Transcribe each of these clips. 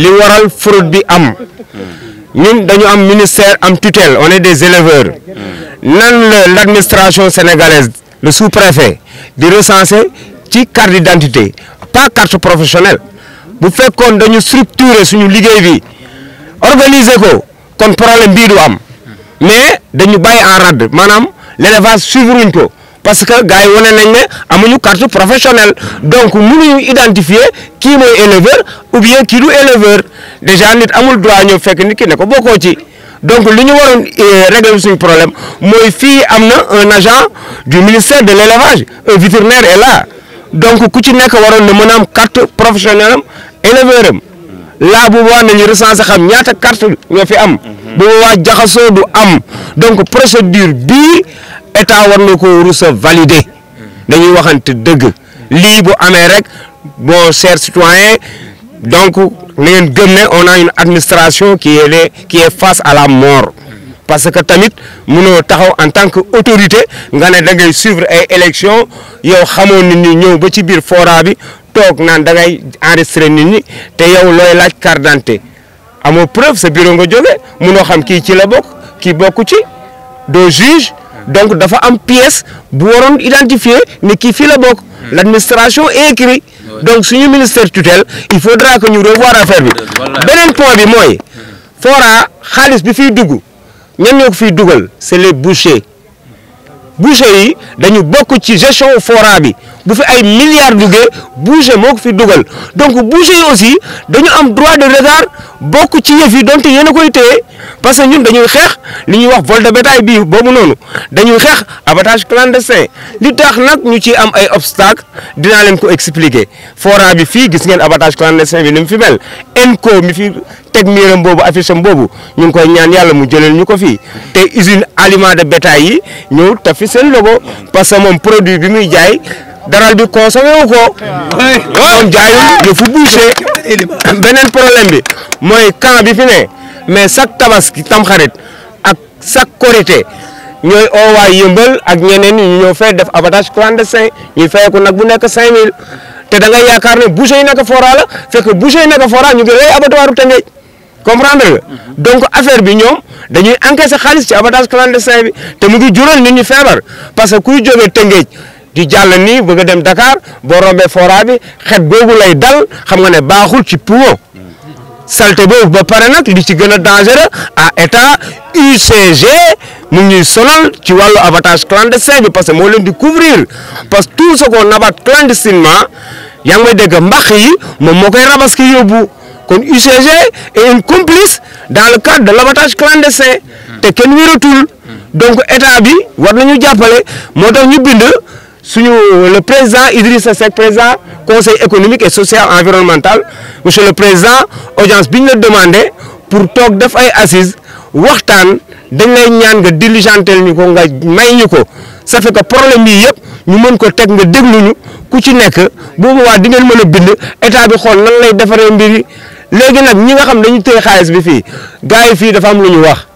li waral fraude bi am ñun dañu am ministère am tutelle on est des élèveurs nan la l'administration sénégalaise le sous-préfet di recenser ci carte d'identité pas carte professionnelle bu fekkoon dañu structurer suñu liggéey bi organiser ko kon problème bii du am mais dañu bàyyi en rade maanaam l'élevage suivre ko parce que gars yi wane nañ ne amuñu carte professionnelle donc mënuñu identifier kii mooy éleveur ou bien kii du éleveur déjà nit amul droit ñëw fekk nit ki ne ko bokkoo ci donc li ñu waroon euh, régler suñu problème mooy fii am na un agent du ministère de l'élevage un vétérinaire est là donc ku ci nekk waroon na mën a am éleveur am laa bu boobaa nañu recensé xam ñaata carte ñoo fi am. bu waa jaxasoo du am donc procédure bii état war na ko rus a valider dañuy waxante dëgg lii bu amee rek bon cher citoyen donc na ngeen gëm ne on a une administration ki est face à la mort. parce que tamit mënoo taxaw en tant que autorité nga ne da ngay suivre ay élection yow xamoo ni ñëw ba ci biir fora bi toog naan da ngay enregistré nit ñi te yow looy laaj carte d'identité amoo preuve sa bureau nga jóge munoo xam kii ci la bokk kii bokku ci doo juge donc dafa am pièce bu waroon identifier ni kii fii la bokk hmm. l'administration écrit donc suñu ministère tutelle il faudra que ñu revoir affaire bi beneen point bi mooy hmm. fora xaalis bi fiy dugg ñan ñoo ko fiy dugal c'est les bouchers boucher yi dañu bokk ci gestion fora bi bu fi ay milliards duggee boucher moo ko fi dugal donc boucher yi aussi dañu am droit de regard bokk ci yëf yi donte yéen a koy téye parce que ñun dañuy xeex li ñuy wax vol de bétail bii boobu noonu dañuy xeex abattage clandestin li taax nag ñu ci am ay obstacle dinaa leen ko expliquer fora bi fii gis ngeen abattage clandestin bi ni mu fi mel ENCO mi fi. teg miiram boobu affiche am boobu ñu ngi koy ñaan yàlla mu jëleel ñu ko fii te usine aliment de bétail yi ñëw taf fi seen logo parce que moom produit bi muy jaay daral bi consommé wu ko moom jaayul le fu bouché beneen problème bi mooy camp bi fi ne mais chaque tabaski tamxarit ak chaque korité ñooy oowaay yëmbal ak ñeneen ñi ñoo fay def abattage clandestin ñuy fayeku nag bu nekk 5000 te da ngay yaakaar ne boucher yi nekk fora la fekk boucher yi nekk fora comprendre nga mhm. donc affaire bi ñoom dañuy encaisser xaalis ci abattage clandestin bi te mu ngi jural nit ñi feebar parce que kuy jógee Tëngéej di jàll nii bëgg a dem Dakar boo rombee fora bi xet googu lay dal xam nga ne baaxul ci poumon saleté boobu ba pare nag li ci gën a dangereux à état UCG mu ngi ñuy sonal ci wàllu abattage clandestin bi parce que moo leen di couvrir parce que tout ce qu'on abat clandestinement yaa ngi may dégg mbax yi moom moo koy rabas ki yóbbu. kon UCG est une complice dans le cadre de l'abattage clandestin te kenn wératul donc état bi war nañu jàppale moo tax ñu bind suñu le président Idrissa Seck président conseil économique et social environnemental monsieur le président audience bi ñu la demandé pour toog def ay assise waxtaan dañ lay ñaan nga diligentel ñu ko nga may ñu ko ça fait que problème yi yëpp ñu mën ko teg nga dégluñu ku ci nekk boobu waa di ngeen mën a bind état bi xool nan lay defaree mbiri léegi nag ñi nga xam dañu téye xaalis bi fii gars yi fii dafa am lu ñu wax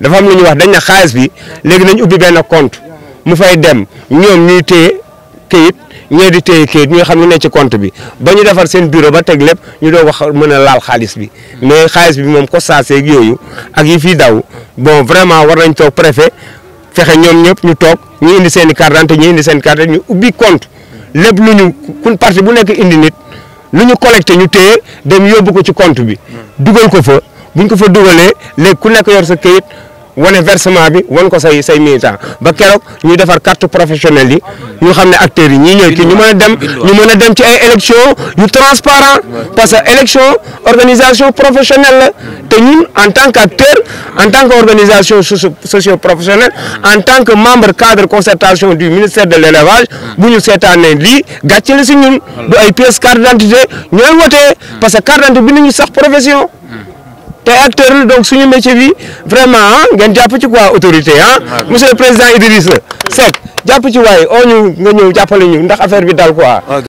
dafa am lu ñu wax dañ na xaalis bi léegi nañu ubbi benn compte mu fay dem ñoom ñuy téye kayit ñee di téye kayit ñoo xam ne ci compte bi ba ñu defar seen bureau ba teg lépp ñu doon wax mën a laal xaalis bi mais xaalis bi moom ko saaseeg yooyu ak yi fii daw bon vraiment war nañ toog préfet fexe ñoom ñëpp ñu toog ñu indi seen i carte ñu indi seen carte ñu ubbi compte lépp lu ñu kun parti bu nekk indi nit ni ñu collecté ñu téye dem yóbbu ko ci compte bi dugal ko fa buñ ko fa dugalee léegi ku nekk yor sa këyit wane versement bi wan ko say say militant ba keroog ñuy defar carte professionnelle yi ñu xam ne acteurs yi ñii ñooy kii ñu mën a dem ñu mën a dem ci ay élection yu transparent parce que élection organisation professionnel la te ñun en tant qu'acteur en tant qu'organisation socio-professionnelle mm. en tant que membre cadre concertation du ministère de l'élevage mm. bu ñu seetaanee lii gàcce la si ñun du ay pièces carte d'identité ñooy wotee mm. parce que carte d'identité bi ñu sax profession te acteur la donc suñu métier bi vraiment ah jàpp ci koi autorité ah monsieur le président Idrissa Seck jàpp ci waaye oo ñu nga ñëw jàppale ñu ndax affaire bi daal quoi